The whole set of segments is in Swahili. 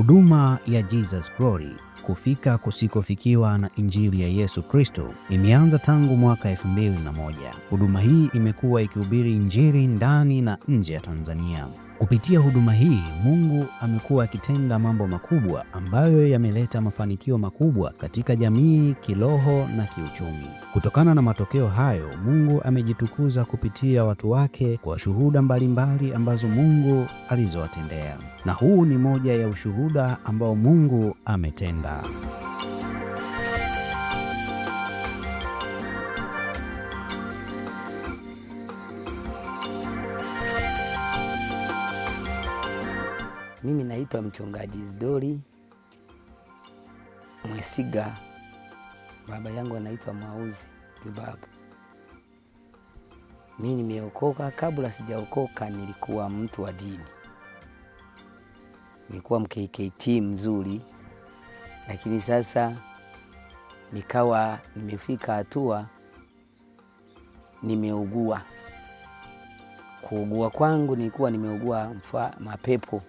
Huduma ya Jesus Glory kufika kusikofikiwa na injili ya Yesu Kristo imeanza tangu mwaka moja. Huduma hii imekuwa ikihubiri injili ndani na nje ya Tanzania. Kupitia huduma hii, Mungu amekuwa akitenda mambo makubwa ambayo yameleta mafanikio makubwa katika jamii, kiroho na kiuchumi. Kutokana na matokeo hayo, Mungu amejitukuza kupitia watu wake kwa shuhuda mbalimbali ambazo Mungu alizowatendea. Na huu ni moja ya ushuhuda ambao Mungu ametenda. Mimi naitwa mchungaji Isidori Mwesiga, baba yangu anaitwa mauzi Kibabu. Mimi nimeokoka, kabla sijaokoka nilikuwa mtu wa dini, nilikuwa mkkt mzuri, lakini sasa nikawa nimefika hatua nimeugua. Kuugua kwangu nilikuwa nimeugua mfa, mapepo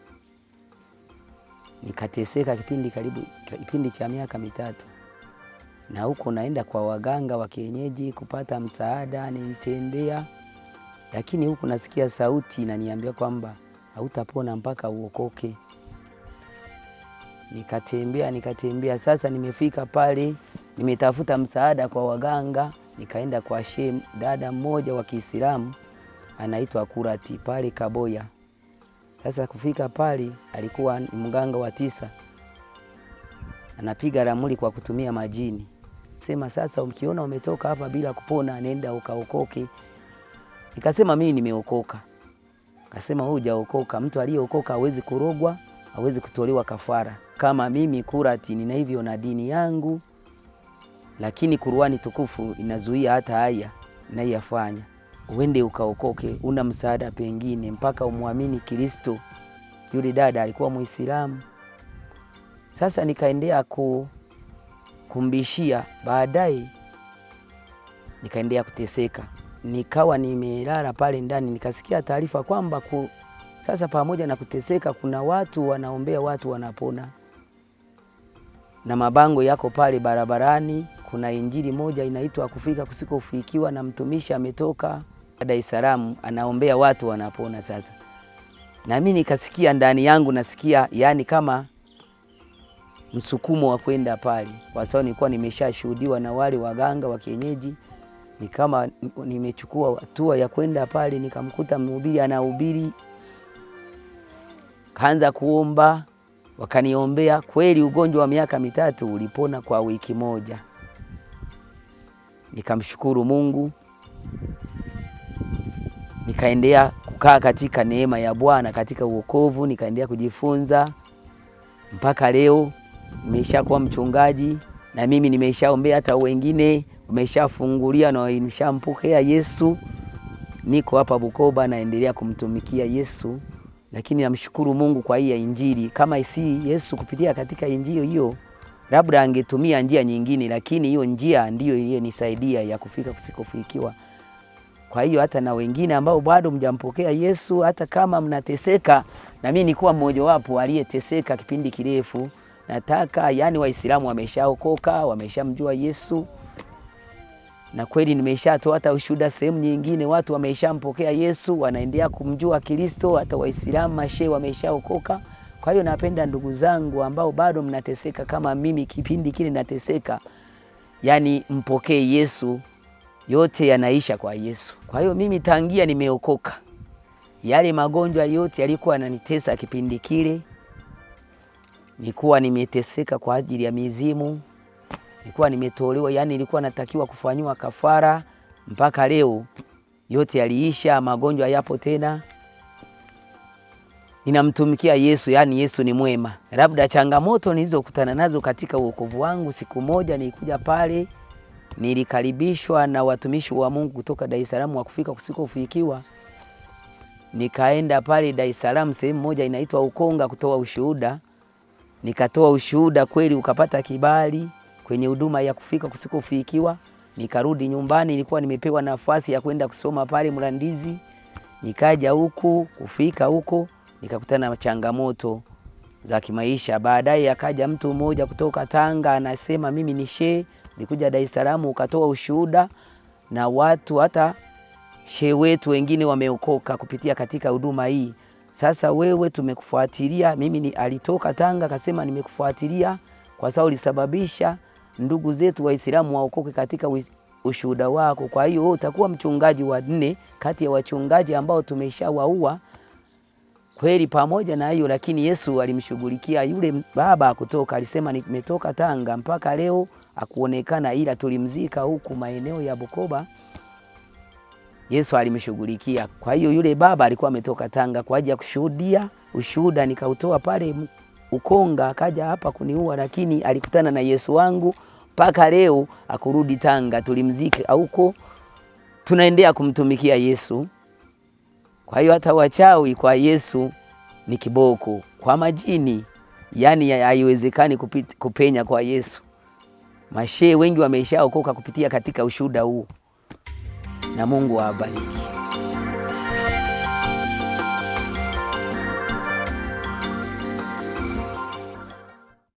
nikateseka kipindi karibu kipindi cha miaka mitatu, na huko naenda kwa waganga wa kienyeji kupata msaada, nitembea lakini huku nasikia sauti inaniambia kwamba hautapona mpaka uokoke. Nikatembea nikatembea, sasa nimefika pale, nimetafuta msaada kwa waganga, nikaenda kwa shehe dada mmoja wa Kiislamu anaitwa Kurati pale Kaboya. Sasa kufika pale, alikuwa mganga wa tisa, anapiga ramli kwa kutumia majini, sema sasa, ukiona umetoka hapa bila kupona, nenda ukaokoke. Nikasema mimi nimeokoka. Kasema wewe hujaokoka, mtu aliyeokoka hawezi kurogwa, hawezi kutolewa kafara. Kama mimi Kurati nina hivyo na dini yangu, lakini Kurani tukufu inazuia hata haya naiyafanya uende ukaokoke, una msaada pengine mpaka umwamini Kristo. Yule dada alikuwa Muislamu. Sasa nikaendea ku kumbishia, baadaye nikaendea kuteseka, nikawa nimelala pale ndani, nikasikia taarifa kwamba ku, sasa pamoja na kuteseka kuna watu wanaombea watu wanapona, na mabango yako pale barabarani. Kuna injili moja inaitwa kufika kusikofikiwa, na mtumishi ametoka Dar es Salaam anaombea watu wanapona. Sasa nami nikasikia ndani yangu, nasikia yani kama msukumo wa kwenda pale, kwa sababu nilikuwa nimeshashuhudiwa na wale waganga wa kienyeji. Ni kama nimechukua hatua ya kwenda pale, nikamkuta mhubiri anahubiri, kaanza kuomba, wakaniombea kweli. Ugonjwa wa miaka mitatu ulipona kwa wiki moja. Nikamshukuru Mungu nikaendelea kukaa katika neema ya Bwana katika uokovu, nikaendelea kujifunza mpaka leo. Nimeshakuwa mchungaji na mimi nimeshaombea, hata wengine umeshafungulia na nimeshampokea Yesu. Niko hapa Bukoba naendelea kumtumikia Yesu, lakini namshukuru Mungu kwa hii ya Injili. Kama isi Yesu kupitia katika Injili hiyo, labda angetumia njia nyingine, lakini hiyo njia ndiyo iliyenisaidia ya kufika kusikofikiwa. Kwa hiyo hata na wengine ambao bado mjampokea Yesu, hata kama mnateseka, na mimi nikuwa wapo aliyeteseka kipindi kirefu. Nataka yani, Waislamu wameshaokoka, wameshamjua Yesu na kweli nimeshatoa hata ushuhuda sehemu nyingine, watu wameshampokea Yesu, wanaendelea kumjua Kristo, hata Waislamu mashehe wameshaokoka. Kwa hiyo napenda ndugu zangu ambao bado mnateseka kama mimi kipindi kile nateseka, yani mpokee Yesu yote yanaisha kwa Yesu. Kwa hiyo mimi tangia nimeokoka, yale magonjwa yote yalikuwa yananitesa kipindi kile, nilikuwa nimeteseka kwa ajili ya mizimu, nilikuwa nimetolewa, yani nilikuwa natakiwa kufanyiwa kafara. Mpaka leo yote yaliisha, magonjwa yapo tena, ninamtumikia Yesu, yani Yesu ni mwema. Labda changamoto nilizokutana nazo katika uokovu wangu, siku moja nilikuja pale nilikaribishwa na watumishi wa Mungu kutoka Dar es Salaam wa kufika kusikofikiwa. Nikaenda pale Dar es Salaam sehemu moja inaitwa Ukonga kutoa ushuhuda, nikatoa ushuhuda kweli, ukapata kibali kwenye huduma ya kufika kusikofikiwa. Nikarudi nyumbani, nilikuwa nimepewa nafasi ya kwenda kusoma pale Mlandizi. Nikaja huku kufika huko nikakutana na changamoto za kimaisha. Baadaye akaja mtu mmoja kutoka Tanga anasema mimi ni shehe, nikuja Dar es Salaam ukatoa ushuhuda na watu hata shehe wetu wengine wameokoka kupitia katika huduma hii. Sasa wewe tumekufuatilia, mimi ni alitoka Tanga akasema nimekufuatilia kwa sababu ulisababisha ndugu zetu Waislamu waokoke katika ushuhuda wako. Kwa hiyo utakuwa mchungaji wa nne kati ya wachungaji ambao tumeshawaua Kweli pamoja na hiyo lakini Yesu alimshughulikia yule baba kutoka, alisema nimetoka Tanga mpaka leo akuonekana, ila tulimzika huku maeneo ya Bukoba. Yesu alimshughulikia. Kwa hiyo yule baba alikuwa ametoka Tanga kwa ajili ya kushuhudia, ushuhuda nikautoa pale Ukonga, akaja hapa kuniua, lakini alikutana na Yesu wangu mpaka leo akurudi Tanga, tulimzika huko, tunaendelea kumtumikia Yesu. Kwa hiyo hata wachawi kwa Yesu ni kiboko, kwa majini yani haiwezekani ya kupenya kwa Yesu. Mashehe wengi wameshaokoka kupitia katika ushuhuda huu, na Mungu awabariki.